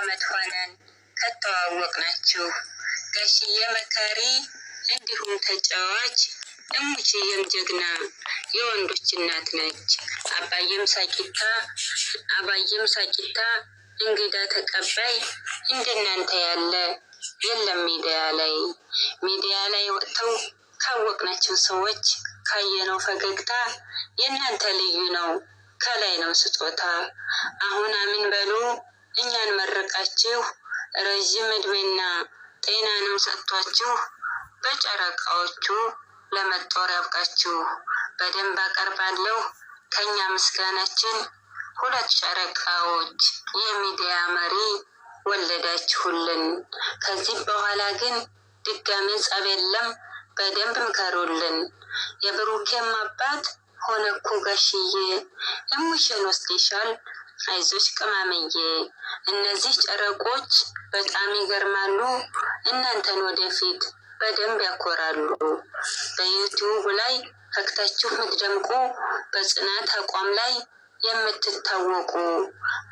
ዓመት ሆነን ከተዋወቅናችሁ። ጋሽዬ መካሪ እንዲሁም ተጫዋች፣ እሙችየም ጀግና የወንዶች እናት ነች። አባዬም ሳቂታ አባዬም ሳቂታ እንግዳ ተቀባይ እንደናንተ ያለ የለም። ሚዲያ ላይ ሚዲያ ላይ ወጥተው ካወቅናቸው ሰዎች ካየነው ፈገግታ የእናንተ ልዩ ነው። ከላይ ነው ስጦታ። አሁን አምን በሉ። እኛን መረቃችሁ ረዥም እድሜና ጤናንም ሰጥቷችሁ በጨረቃዎቹ ለመጦር ያብቃችሁ። በደንብ አቀርባለሁ ከኛ ምስጋናችን ሁለት ጨረቃዎች የሚዲያ መሪ ወለዳችሁልን። ከዚህ በኋላ ግን ድጋሜ ጸብ የለም። በደንብ ምከሩልን። የብሩኬም አባት ሆነ እኮ ጋሽዬ እሙሽን ወስደሻል አይዞች ቅማመዬ፣ እነዚህ ጨረቆች በጣም ይገርማሉ። እናንተን ወደፊት በደንብ ያኮራሉ። በዩቲዩብ ላይ ፈክታችሁ ምትደምቁ፣ በጽናት አቋም ላይ የምትታወቁ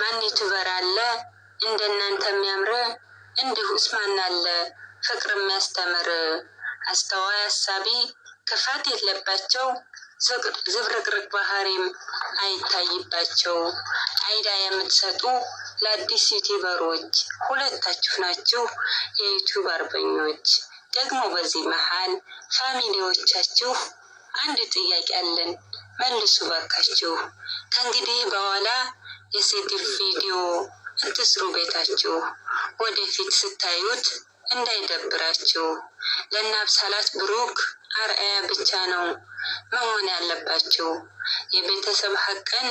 ማን ዩቱበር አለ እናንተ የሚያምር? እንዲሁስ ማን አለ ፍቅር የሚያስተምር? አስተዋይ፣ አሳቢ፣ ክፋት የለባቸው ዝብርቅርቅ ባህሪም አይታይባቸው አይዳ የምትሰጡ ለአዲስ ዩቲበሮች ሁለታችሁ ናችሁ የዩቱብ አርበኞች። ደግሞ በዚህ መሀል ፋሚሊዎቻችሁ አንድ ጥያቄ አለን፣ መልሱ ባካችሁ። ከእንግዲህ በኋላ የስድብ ቪዲዮ እንትስሩ ቤታችሁ ወደፊት ስታዩት እንዳይደብራችሁ። ለናብሳላት ብሩክ አርአያ ብቻ ነው መሆን ያለባቸው። የቤተሰብ ሀቅን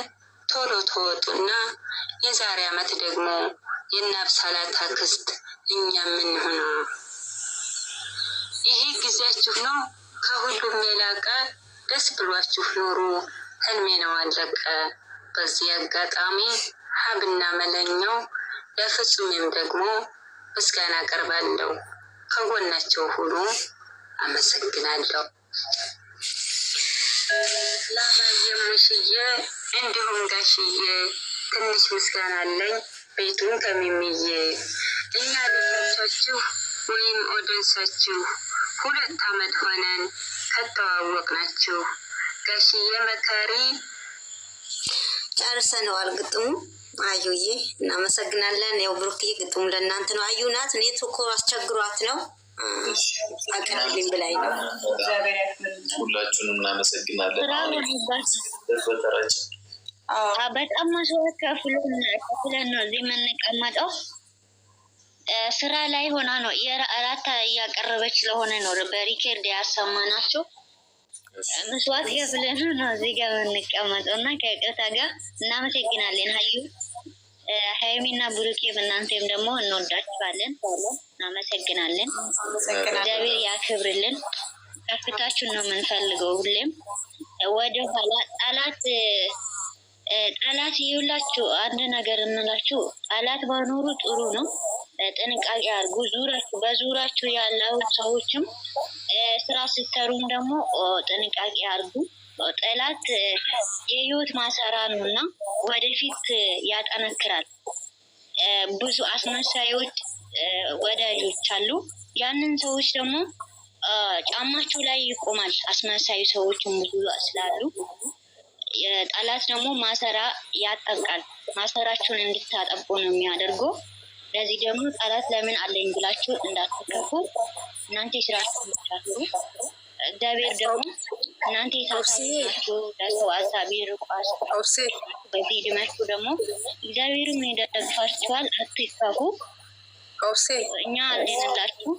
ቶሎ ተወጡና የዛሬ ዓመት ደግሞ የናብሳላት አክስት እኛ የምንሆነ ይሄ ጊዜያችሁ ነው። ከሁሉም የላቀ ደስ ብሏችሁ ኑሩ። ህልሜ ነው አለቀ። በዚህ አጋጣሚ ሀብና መለኛው ለፍጹሜም ደግሞ ምስጋና አቀርባለሁ። ከጎናቸው ሁሉ አመሰግናለሁ። ላላየ ሙሽዬ እንዲሁም ጋሽዬ ትንሽ ምስጋና አለኝ። ቤቱን ከሚሚዬ እኛ ደረሳችሁ ወይም ኦደንሳችሁ ሁለት አመት ሆነን ከተዋወቅ ከተዋወቅናችሁ። ጋሽዬ መካሪ ጨርሰነዋል። ግጥሙ አዩዬ እናመሰግናለን። ያው ብሩክዬ ግጥሙ ለእናንተ ነው። አዩ ናት። ኔትወርኩ አስቸግሯት ነው። አቅርብልኝ ብላኝ ነው። ሁላችሁንም እናመሰግናለን። በጣም መስዋዕት ከፍለን ነው እዚህ የምንቀመጠው። ስራ ላይ ሆና ነው የእራት እያቀረበች ስለሆነ ነው በሪኬርድ ያሰማናቸው። መስዋዕት ከፍለን ነው እዚህ ጋር የምንቀመጠው እና ከቅርታ ጋር እናመሰግናለን። ሀዩ ሀይሚና ብሩኬ፣ እናንተም ደግሞ እንወዳችኋለን። እናመሰግናለን። እግዚአብሔር ያክብርልን። ከፍታችሁን ነው የምንፈልገው። ሁሌም ወደ ኋላ ጠላት ጠላት ይውላችሁ። አንድ ነገር እንላችሁ፣ ጠላት ባኖሩ ጥሩ ነው። ጥንቃቄ አድርጉ። ዙራችሁ በዙራችሁ ያለው ሰዎችም ስራ ስተሩም ደግሞ ጥንቃቄ አድርጉ። ጠላት የህይወት ማሰራ ነው እና ወደፊት ያጠነክራል። ብዙ አስመሳዮች ወዳጆች አሉ። ያንን ሰዎች ደግሞ ጫማቸው ላይ ይቆማል። አስመሳዩ ሰዎች ብዙ ስላሉ ጠላት ደግሞ ማሰራ ያጠቃል። ማሰራቸውን እንድታጠቁ ነው የሚያደርገው። ለዚህ ደግሞ ጠላት ለምን አለኝ ብላችሁ እንዳትከፉ እናንተ የስራችሁ ብቻችሁ እግዚአብሔር ደግሞ እናንተ የታሳችሁ ለሰው አሳቢ ርቋስ በዚህ ድመቱ ደግሞ እግዚአብሔርም ይደግፋችኋል። አትከፉ። እኛ እንዴንላችሁ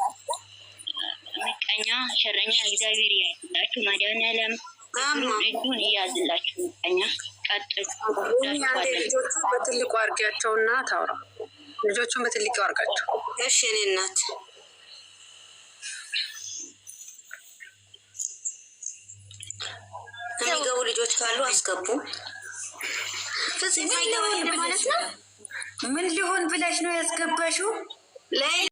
ምቀኛ ሸረኛ እግዚአብሔር ያዝላችሁ። መድኃኒዓለም እጁን እያዝላችሁ። ምቀኛ ቀጥል። ልጆቹ በትልቁ አድርጊያቸውና ታውራ ልጆቹን በትልቁ አድርጋቸው። እሺ እኔ እናት የሚገቡ ልጆች ካሉ አስገቡ። ፍጽ ማለት ነው። ምን ሊሆን ብለሽ ነው ያስገባሽው? Lay